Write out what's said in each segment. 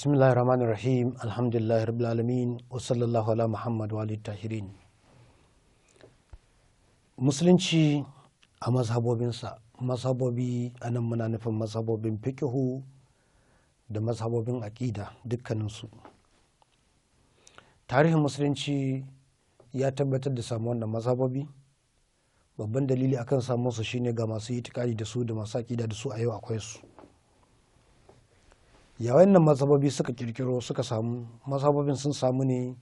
bismillahir rahmanir rahim alhamdulillahi rabbil alamin wa sallallahu ala muhammad wa tahirin musulunci a mazhabobinsa mazhabobi a nan muna nufin mazhabobin fikihu da mazhabobin aƙida dukkaninsu tarihin musulunci ya tabbatar da samuwar da mazhabobi babban dalili akan samunsu shine ga masu itikadi da su da masu aƙida da su a yau akwai su yawan nan mazhabobi suka kirkiro suka samu mazhabobin sun samu ne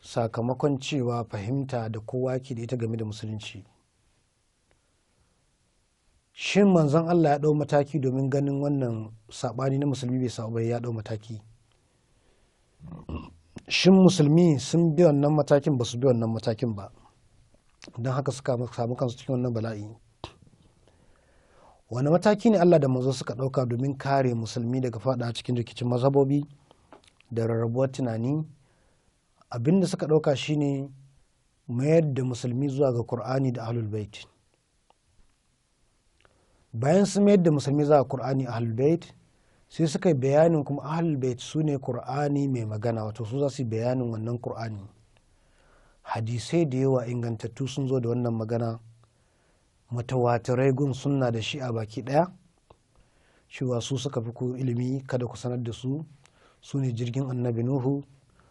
sakamakon cewa fahimta da kowa ke da ita game da musulunci shin manzon Allah ya dau mataki domin ganin wannan sabani na musulmi bai saɓa ya dau mataki shin musulmi sun bi wannan matakin ba su bi wannan matakin ba don haka suka samu kansu cikin wannan bala'i wani mataki ne Allah da mazo suka ɗauka domin kare musulmi daga fada cikin rikicin mazhabobi da rarrabuwar tunani abinda suka ɗauka shine mayar da musulmi zuwa ga Kur'ani da Ahlul Bait bayan sun mayar da musulmi zuwa Kur'ani Ahlul Bait sai suka yi bayanin kuma Ahlul Bait su ne Kur'ani mai magana wato su za su yi bayanin wannan Kur'ani hadisai da yawa ingantattu sun zo da wannan magana mutawatirai gun sunna da shi a baki ɗaya cewa su suka fi ku ilimi kada ku sanar da su su ne jirgin annabi nuhu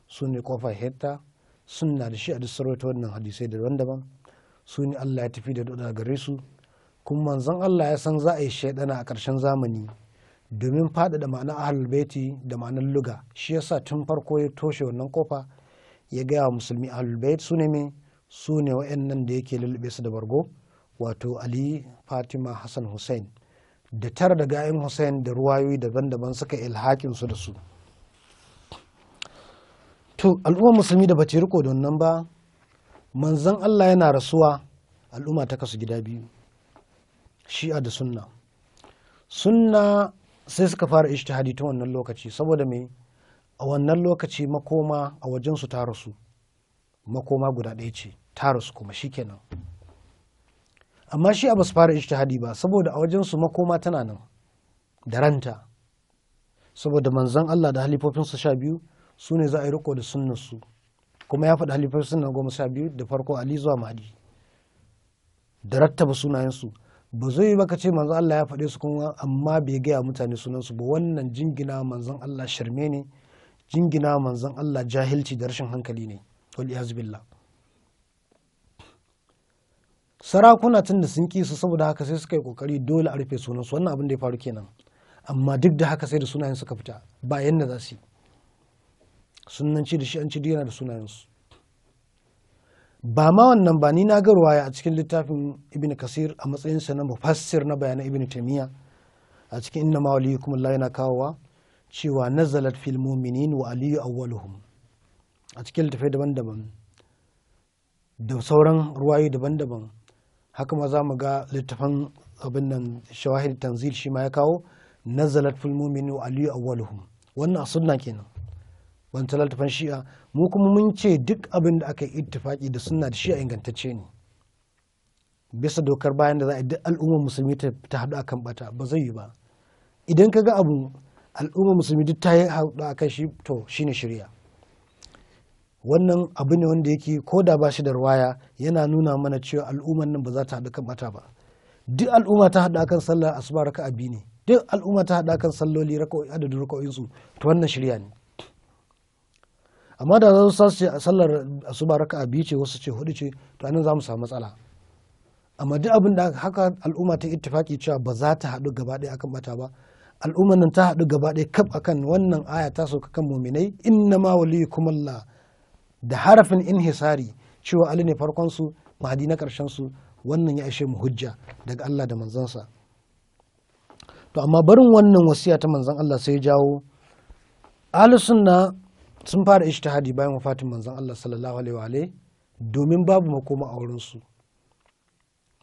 su ne kofar hetta sunna da shi a duk sarauta wannan hadisai daban-daban su ne allah ya tafi da daga gare su kuma manzon allah ya san za a yi shaidana a karshen zamani domin faɗaɗa ma'ana ahlul baiti da ma'anar luga shi yasa tun farko ya toshe wannan kofa ya gaya wa musulmi ahlul bait su ne me su ne wa'annan da yake lulluɓe su da bargo wato ali fatima hassan hussain da tara daga ayin hussain da ruwayoyi daban-daban suka ilhakin su da su to al'ummar musulmi da bace riko da wannan ba manzon allah yana rasuwa al'umma ta kasu gida biyu shi'a da sunna sunna sai suka fara ishtihadi ta wannan lokaci saboda mai a wannan lokaci makoma a wajensu ta rasu makoma guda ɗaya ce ta rasu kuma shi shikenan amma shi abu su fara hadi ba saboda a wajen su makoma tana nan da ranta saboda manzon Allah da su sha biyu su ne za a yi riko da su kuma ya faɗi halifar sunna goma sha biyu da farko Ali zuwa Mahdi da rattaba sunayensu ba zai ba ka ce manzon Allah ya faɗe su kuma amma bai gaya mutane sunansu ba wannan jingina manzon Allah sharme ne jingina manzon Allah jahilci da rashin hankali ne wal billah sarakuna tun da sun ki su saboda haka sai suka yi kokari dole a rufe sunansu wannan abin da ya faru kenan amma duk da haka sai da sunayen suka fita ba yanda za su yi sunan ci da shi an ci yana da sunayensu ba ma wannan ba ni na ga ruwaya a cikin littafin ibn kasir a matsayin sa na mufassir na bayanan ibn taymiya a cikin inna ma kuma Allah yana kawowa cewa nazalat fil mu'minin wa aliyu awwaluhum a cikin littafai daban-daban da sauran ruwayoyi daban-daban haka ma za mu ga littafin abin nan shawahid tanzil shi ma ya kawo nazalat fil mu'minu aliyu awwaluhum wannan sunna kenan ta littafin shi'a mu kuma mun ce duk abin da aka yi ittifaki da sunna da shi'a ingantacce ne bisa dokar bayan da za a duk al'ummar musulmi ta haɗu akan bata ba zai yi ba idan ka ga abu al'ummar musulmi duk ta yi haɗu akan shi to shine shirya wannan abu ne wanda yake ko da ba shi da ruwaya yana nuna mana cewa al'ummar nan ba za ta haɗu kan mata ba duk al'umma ta haɗa kan sallar asuba raka abi ne duk al'umma ta haɗa kan salloli adadin su to wannan shirya ne amma da za su sace a sallar asuba raka abi ce wasu ce hudu ce to anan za mu samu matsala amma duk abin da haka al'umma ta ittifaki cewa ba za ta haɗu gaba ɗaya akan mata ba al'ummar nan ta haɗu gaba ɗaya kaf akan wannan aya ta sauka kan muminai inna ma waliyukum Allah da harafin inhisari cewa ali ne farkon su mahadi na karshen su wannan ya ishe mu hujja daga Allah da manzansa to amma barin wannan wasiya ta manzan Allah sai jawo ahlus sunna sun fara ijtihadi bayan wafatin manzan Allah sallallahu alaihi wa domin babu makoma a wurin su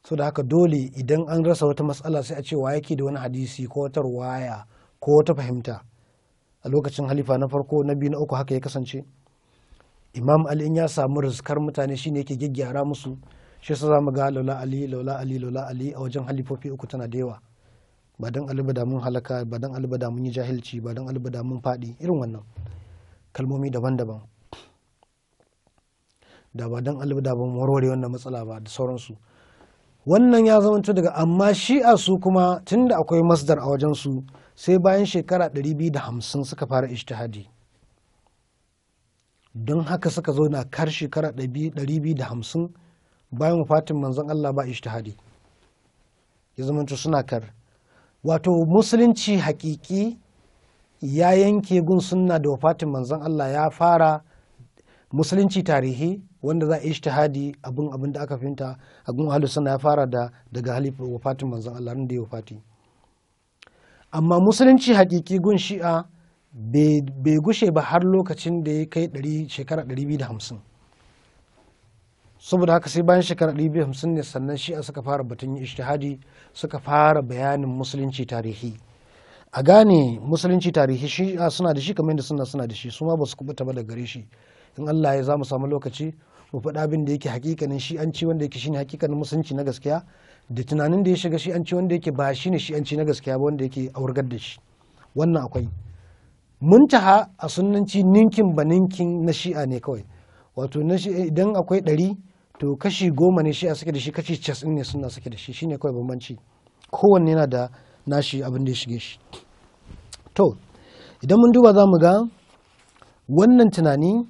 so da haka dole idan an rasa wata matsala sai a ce wa yake da wani hadisi ko wata waya ko wata fahimta a lokacin halifa na farko na biyu na uku haka ya kasance imam ali in ya samu rizkar mutane shine yake gyaggyara musu shi yasa zamu ga laula ali laula ali laula ali a wajen halifofi uku tana da yawa ba dan da mun halaka ba dan da mun yi jahilci ba dan da mun fadi irin wannan kalmomi daban-daban da ba dan da mun warware wannan matsala ba da sauransu wannan ya zamanto daga amma shi'a su kuma tunda akwai masdar a wajen su sai bayan shekara 250 suka fara ijtihadi don haka suka zo na kar shekara 250 bayan wafatin manzon Allah ba ishtihadi ya zamanto suna kar wato musulunci hakiki ya yanke gun suna da wafatin manzon Allah ya fara musulunci tarihi wanda za a ishtihadi abin abin da aka finta a gun ahlus suna ya fara da daga halifa wafatin manzon Allah da ya wafati amma musulunci hakiki gun shi'a bai gushe ba har lokacin da ya kai shekara 250 saboda haka sai bayan shekara 250 ne sannan shi'a suka fara batun yi ishtihadi suka fara bayanin musulunci tarihi a gane musulunci tarihi shi'a suna da shi kamar yadda suna suna da shi su ma ba su kubuta ba da gare shi in Allah ya za mu samu lokaci mu faɗa abin da yake hakikanin shi'anci wanda yake shine hakikanin musulunci na gaskiya da tunanin da ya shiga shi'anci wanda yake ba shine shi'anci na gaskiya ba wanda yake aurgar da shi wannan akwai Mun muntaha a sunanci ninkin ba ninkin na shi'a ne kawai wato idan akwai ɗari to kashi goma ne shi'a suke da shi kashi casin ne suna suke da shi shine kawai bambanci kowanne yana da nashi abin da ya shige shi to idan mun duba za mu ga wannan tunani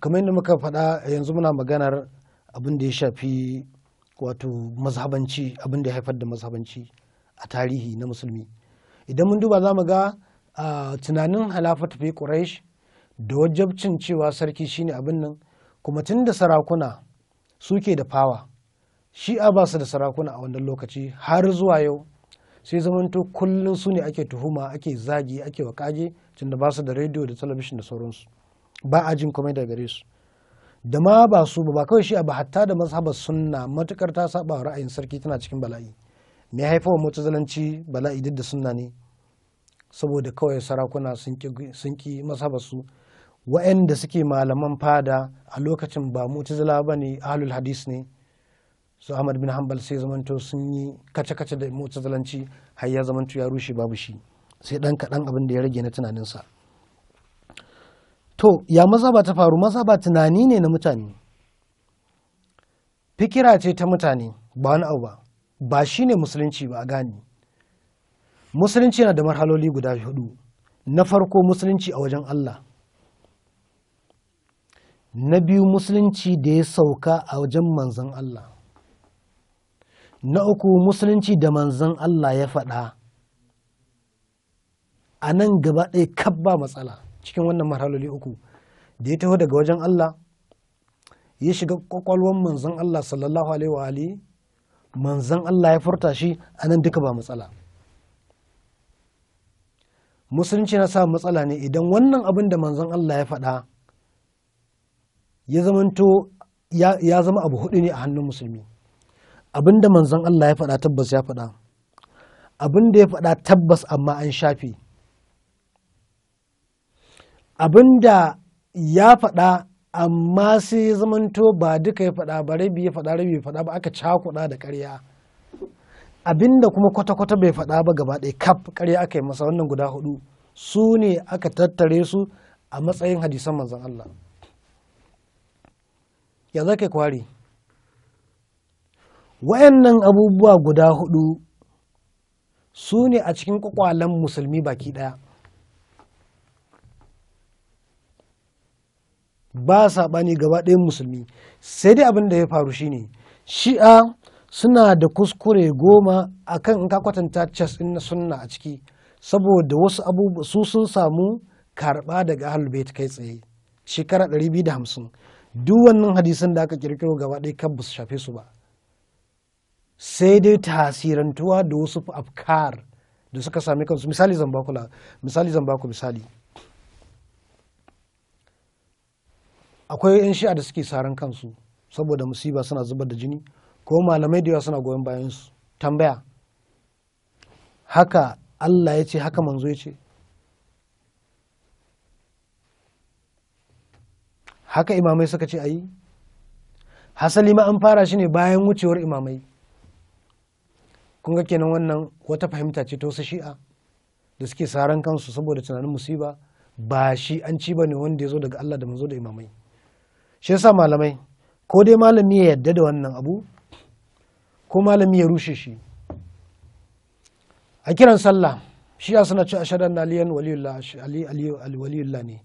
kamar yadda muka faɗa yanzu muna maganar abin da ya shafi wato mazhabanci abin da ya haifar da mazhabanci a tarihi na musulmi idan mun duba za mu ga a tunanin halafatu fi quraish da wajabcin cewa sarki shine abin nan kuma tun da sarakuna suke da fawa shi'a ba su da sarakuna a wannan lokaci har zuwa yau sai zamanto kullum su ne ake tuhuma ake zagi ake wakage tunda ba su da rediyo da talabishin da sauransu ba a jin komai daga gare su da ma ba su ba kawai shi'a ba hatta da mazhabar sunna matukar ta saba ra'ayin sarki tana cikin bala'i me haifawa zalanci bala'i duk da sunna ne saboda kawai sarakuna sun ki su wa'anda suke malaman fada a lokacin ba mutazila ba ne ahlul hadis ne su ahmad bin hanbal sai zamanto sun yi kace-kace da mutazilanci har ya zamanto ya rushe babu shi sai dan kaɗan abin da ya rage na tunaninsa to ya maza ba ta faru maza ba tunani ne na mutane fikira ce ta mutane ba wani abu ba ba shi ne musulunci ba a gani musulunci yana da marhaloli guda hudu na farko musulunci a wajen Allah na biyu musulunci da ya sauka a wajen manzan Allah na uku musulunci da manzan Allah ya faɗa a nan gaba ɗaya kab ba matsala cikin wannan marhaloli uku da ya taho daga wajen Allah ya shiga kwakwalwar manzan Allah sallallahu alaihi wa manzan Allah ya furta shi a nan duka ba matsala musulunci na sa matsala ne idan wannan abin da manzon Allah ya faɗa ya zamanto ya zama abu hudu ne a hannun musulmi abin da manzon Allah ya faɗa tabbas ya faɗa abin da ya faɗa tabbas amma an shafe abin da ya faɗa amma sai ya zamanto ba duka ya faɗa ba rabi ya faɗa rabi ya faɗa ba aka cakuɗa da ƙarya abinda kuma kwata-kwata bai faɗa ba gaba ɗaya kaf ƙarya aka yi masa wannan guda hudu su ne aka tattare su a matsayin hadisan manzan Allah ya za kwari wayannan abubuwa guda hudu su ne a cikin kwakwalen musulmi baki ɗaya ba saɓani gaba ɗayan musulmi sai dai abin da ya faru shine shi'a suna da kuskure goma a kan in ka kwatanta chess in na sunna a ciki saboda wasu abubuwa su sun samu karɓa daga ahlul bait kai tsaye shekara 250 duk wannan hadisan da aka kirkiro gaba ɗaya kan ba su shafe su ba sai dai tasirantuwa da wasu afkar da suka sami kansu misali zan misali zambaku misali akwai 'yan shi'a da suke saran kansu saboda musiba suna zubar da jini ko malamai da yawa suna goyon bayan su tambaya haka Allah ya ce haka manzo ya ce haka imamai suka ce ayi hasali ma an fara shi ne bayan wucewar imamai kun ga kenan wannan wata fahimta ce ta wasu shi'a da suke saran kansu saboda tunanin musiba ba shi an ci ba ne wanda ya zo daga Allah da manzo da imamai shi yasa malamai ko dai malami ya yadda da wannan abu ko malami ya rushe shi a kiran sallah shi ya suna cewa ashadu anna aliyan waliyullah ne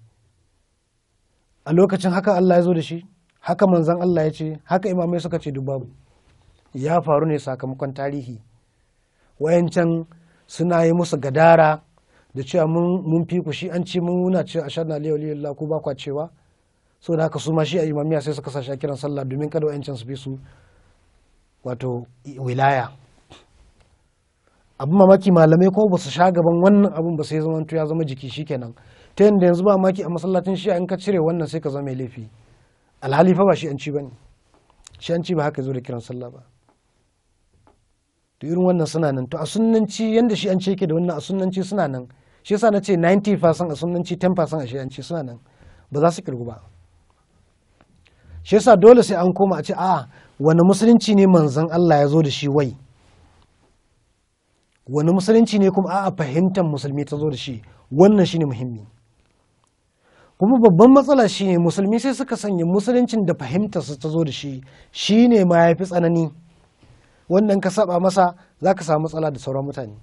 a lokacin haka Allah ya zo da shi haka manzan Allah ya ce haka imamai suka ce dubabu. ya faru ne sakamakon tarihi wayancan suna yi musu gadara da cewa mun fi ku shi an ce mun muna a ashadu anna aliyan waliyullah ko ba kwa cewa so da haka su ma shi a imamiya sai suka sa a kiran sallah domin kada wayancan su bi su wato wilaya abin mamaki malamai ko ba su sha gaban wannan abin ba sai zama ya zama jiki shikenan ta yadda yanzu ba maki a masallacin shi in ka cire wannan sai ka zama mai laifi alhali fa ba shi an ci bane shi an ci ba haka zo da kiran sallah ba to irin wannan suna nan to a sunnanci yanda shi an ce yake da wannan a sunnanci suna nan shi yasa na ce 90% a sunnanci 10% a shi an ce suna nan ba za su kirgu ba shi yasa dole sai an koma a ce a wani musulunci ne manzan Allah ya zo da shi wai wani musulunci ne kuma a fahimtar musulmi ta zo da shi wannan shine muhimmi kuma babban matsala shine musulmi sai suka sanya musuluncin da su ta zo da shi shine ma ya fi tsanani wannan ka saba masa za ka samu matsala da sauran mutane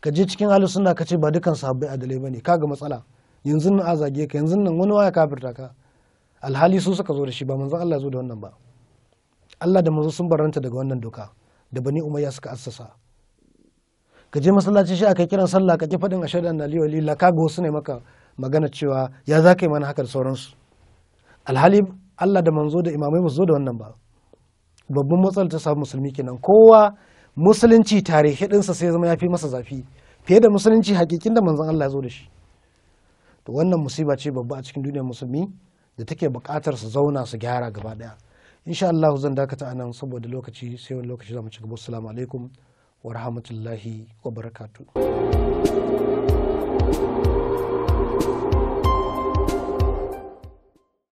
ka je cikin halin suna ka ce ba dukan sabbin adalai ba ne kaga matsala yanzu nan a zage ka yanzu nan wani waya kafirta ka alhali su suka zo da shi ba manzon Allah zo da wannan ba Allah da manzo sun barranta daga wannan doka da bani umayya suka assasa ka je masallaci shi aka kiran sallah ka ki faɗin ashhadu anna lillahi wa inna ilaihi su ne maka magana cewa ya za ka mana haka da sauransu alhali Allah da manzo da imamai mu zo da wannan ba babban matsalar ta samu musulmi kenan kowa musulunci tarihi ɗinsa sai zama ya fi masa zafi fiye da musulunci hakikin da manzon Allah ya zo da shi to wannan musiba ce babba a cikin duniyar musulmi da take bukatar su zauna su gyara gaba daya insha Allah zan dakata anan saboda lokaci sai wani lokaci za mu ci gaba assalamu alaikum wa rahmatullahi wa barakatuh